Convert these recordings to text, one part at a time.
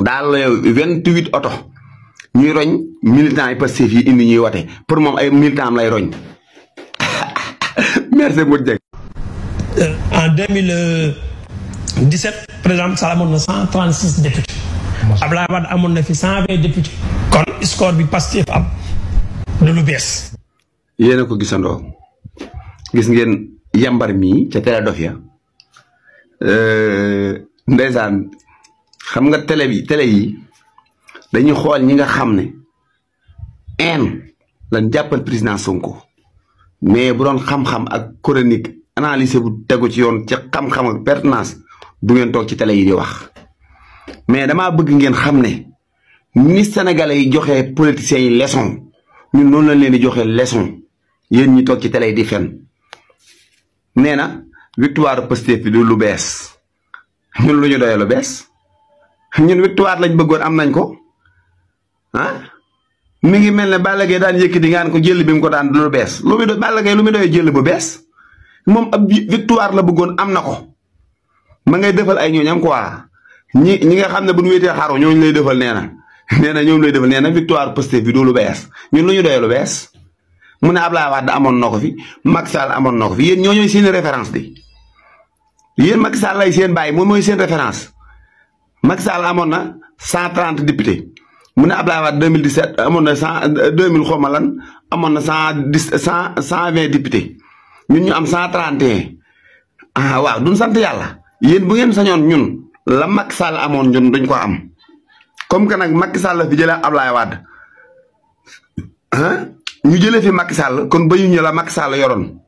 daal vingt huit oto ñuy roñ militants yi Pastef yi indi ñuy wote pour moom ay militants am lay roñ merci Modou Dieng. Euh, en deux mille dix-sept président Sall amoon na cent trente six députés. Abdoulaye Wade amoon na fi cent vingt députés. kon score bi Pastef am du lu bees. yéen a ko gisandoo gis ngeen yambar mi ca télé Dofia euh, ndeysaan xam nga télé bi télé yi dañuy xool ñi nga xam ne en lan jàppal président Sonko mais bu doon xam-xam ak chronique analyse bu tegu ci yoon ci xam-xam ak pertinence du ngeen toog ci télé yi di wax mais damaa bëgg ngeen xam ne ni sénégalais yi joxe politiciens yi leçon ñun noonu lañ leen di joxe leçon yéen ñi toog ci télé yi di fen nee na victoire Pastef bi du lu bees ñun lu ñu doyee lu bees ñun victoire lañ bëggoon am nañ ko a ah? mi ngi mel ne Balla Gaye daan yëkkati ngaan ko jël bi mu ko daan lu bees lu muy doon Balla lu muy doyee jël bu bees moom ab victoire la bëggoon am na ko ma ngay defal ay ñooñam quoi ñi ñi nga xam ne bu ñu wéetee xaru ñooñu lay defal nee na nee na lay defal nee na victoire Pastef bi lu bees ñun lu ñu doyee lu bees mu ne Abdoulaye Wade amoon na ko fi Macky Sall amoon na ko fi yéen ñoo ñooy seen référence di yéen Macky Sall lay seen baay moom mooy seen référence. Macky Sall 130 députés mune ne Abdoulaye Wade 2017 amona 100 2000 xaw lan 110 100 120 députés ñun ñu am 131 ah waaw duñ sant yalla yeen bu ngeen sañon ñun la Macky Sall amoon ñun duñ ko am comme que nak Macky Sall la fi jëlé Abdoulaye Wade hein ñu jëlé fi Macky Sall kon ba ñu la Macky Sall yoroon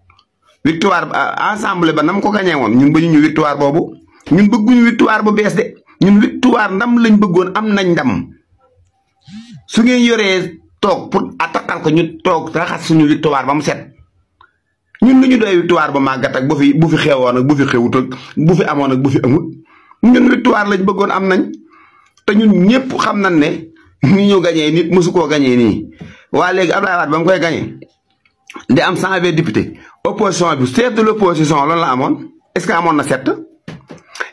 victoire ah, ensemble ba nam ko gagné won ñun ba ñu victoire bobu ñun ñu victoire bu bëss ñun victoire ndam lañ bëggoon am nañ ndam su ngeen yoree toog pour attaqual ko ñu toog raxas suñu victoire ba mu set ñun lu ñu doy victoire ba màggat ak bu fi bu fi xewoon ak bu fi xewut ak bu fi amoon ak bu fi amut ñun victoire lañ bëggoon am nañ te ñun ñëpp xam nañ ne ni ñu gañee nit mësu koo gañee nii waa léegi Abdoulaye Wade ba mu koy gañee di am cent vingt député opposition bi chef de l' opposition loolu la amoon est ce que amoon na sept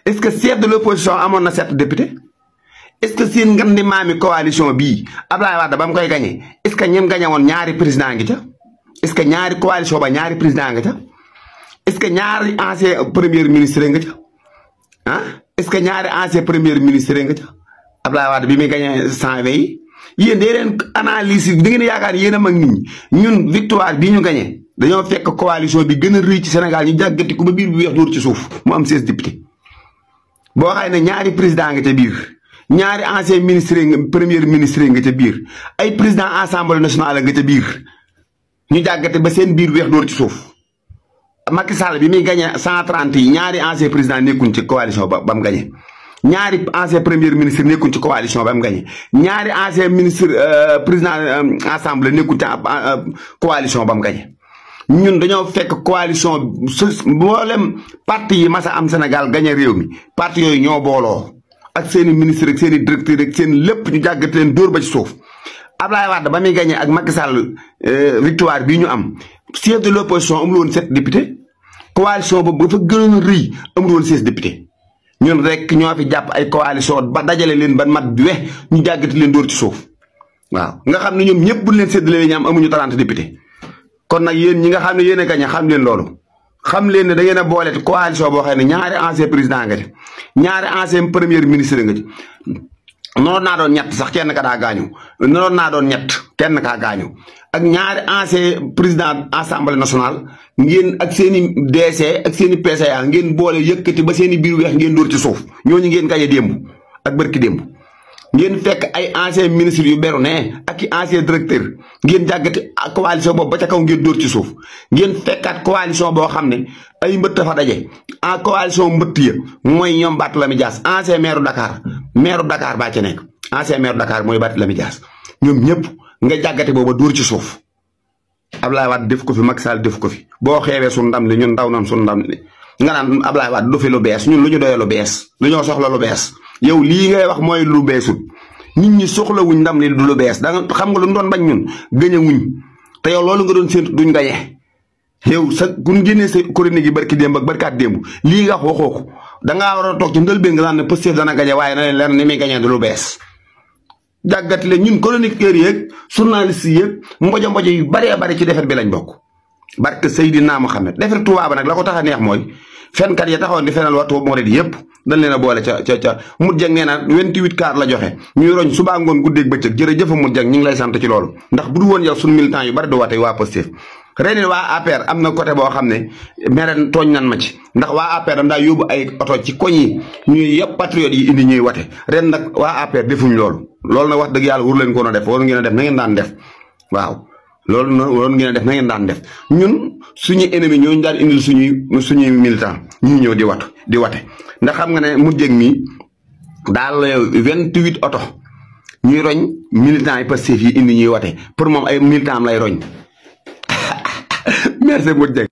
est-ce que chef de l'opposition amoon na sept député est-ce que seen ngan di maami coalition bi Abdoulaye Wade ba mu koy gañee est-ce que ñem gañe woon ñaari président ngi ca est que ñaari coalition ba ñaari président nga ca est-ce que ñaari ancien premier ministre nga ca ah est-ce que ñaari ancien premier ministre nga ca Abdoulaye bi muy gañee cent vingt yi yéen day leen analyse yi yaakaar yéen a mag nit ñi ñun victoire bii ñu gañee dañoo fekk coalition bi gën a rëy ci Sénégal ñu jàggati ku ba biir bu weex dóor ci suuf mu am seize députés boo xay ne ñaari président nga ca biir ñaari ancien ministre premier ministre nga ca biir ay président assemblée nationale nga ca biir ñu jàggate ba seen biir weex door ci suuf Macky Sall bi muy gagné cent trente yi ñaari ancien président nekkuñ ci coalition ba ba mu gagné ñaari ancien premier ministre nekkuñ ci coalition ba mu gagné ñaari ancien ministre euh, président euh, assemblée nekkuñ ci coalition ba mu gagné ñun dañoo fekk coalition mboolem parti yi masa am Sénégal gañe réew mi parti yooyu ñoo booloo ak seeni ministre ak seen i directeur ak seen lépp ñu jàggat leen dóor ba ci suuf Ablaye Wade ba muy gañe ak Macky Sall euh, victoire bii ñu am chef de l' opposition amul woon sept député coalition boobu dafa gënoon rëy amul woon seize député ñun rek ñoo fi jàpp ay coalition ba dajale leen ba mat bi wex ñu jàggati leen dóor ci suuf waaw nga xam ne ñoom ñëpp buñ leen séddalee amuñu 30 député kon nag yéen ñi nga xam ne yéen a gañe xam leen loolu xam leen ne da ngeen a boole coalition boo xam ne ñaari ancien président nga ci ñaari ancien premier ministre nga ci noonu naa doon ñett sax kenn ka daa gaañu noonu naa doon ñett kenn kaa gaañu ak ñaari ancien président assemblée nationale ngeen ak seen i a seeni seen i PCA ngeen boole yëkkati ba seen i biir weex ngeen dóor ci suuf ñooñu ngeen gañe démb ak bërki démb ngeen fekk ay ancien ministre yu beru ne ak i ancien directeur ngeen jàggati coalition bobu ba ca kaw ngeen door ci souf ngeen fekkat coalition bo xamne ay mbeut fa dajé en coalition mbeut ye ya moy ñom bat lami jass ancien maire Dakar maire Dakar ba ca nek ancien maire Dakar moy bat lami jass ñom ñëpp nga jàggate bobu door ci souf ablay Wade def ko fi mak sal def ko fi bo xewé su ndam ni ñun ndaw nam su ndam ni nga nan ablay Wade du fi lu bes ñun lu ñu doyee lu bees lu ñoo soxla lu bes yow lii ngay wax mooy lu beesut nit ñi soxlawuñ ndam li du lu bees da xam nga lu ñu doon bañ ñun gañe wuñ te yow loolu nga doon séntu duñ gañe yow sa ku ñu génnee sa chronique yi barki démb ak barkaat démb lii nga ko da ngaa war a toog ci ndëlbéen nga naan ne Pastef dana gañe waaye na leen ni muy gañe du lu bees. jàggat leen ñun chroniqueurs yeeg journalistes yeeg mbojo mbojo yu baree bare ci defet bi lañ bokk barke Seydina Mohamed defet Touba ba nag la ko tax a neex mooy. fenkat ya taxawoon di fenal waxtu moo rit yëpp dañ a boole ca ca ca mut jang nee na 28 kaar la joxe ñuy roñ subaa ngoon guddeeg bëccëg jërëjëfa mut jang ñu ngi lay sant ci loolu ndax bu du woon yow suñu militant yu bari du watey waa Pastef reneen waa APR am na côté boo xam ne meren tooñ nan ma ci ndax waa APR dañ daa yóbbu ay oto ci koñ yi ñuy yëpp patriotes yi indi ñuy wate ren nag waa APR defuñ loolu loolu na wax dëgg yàlla wur leen ko na def ngeen a na ngeen daan def waaw loolu noonu waroon ngeen def na ngeen daan def ñun suñu ennemi ñooñu daan indil suñuy suñuy militant ñuy ñëw di watu di wate ndax xam nga ne mu jég mi daal vingt huit oto ñuy roñ militant yi Pastef yi indi ñuy wate pour moom ay militant am lay roñ merci mu jég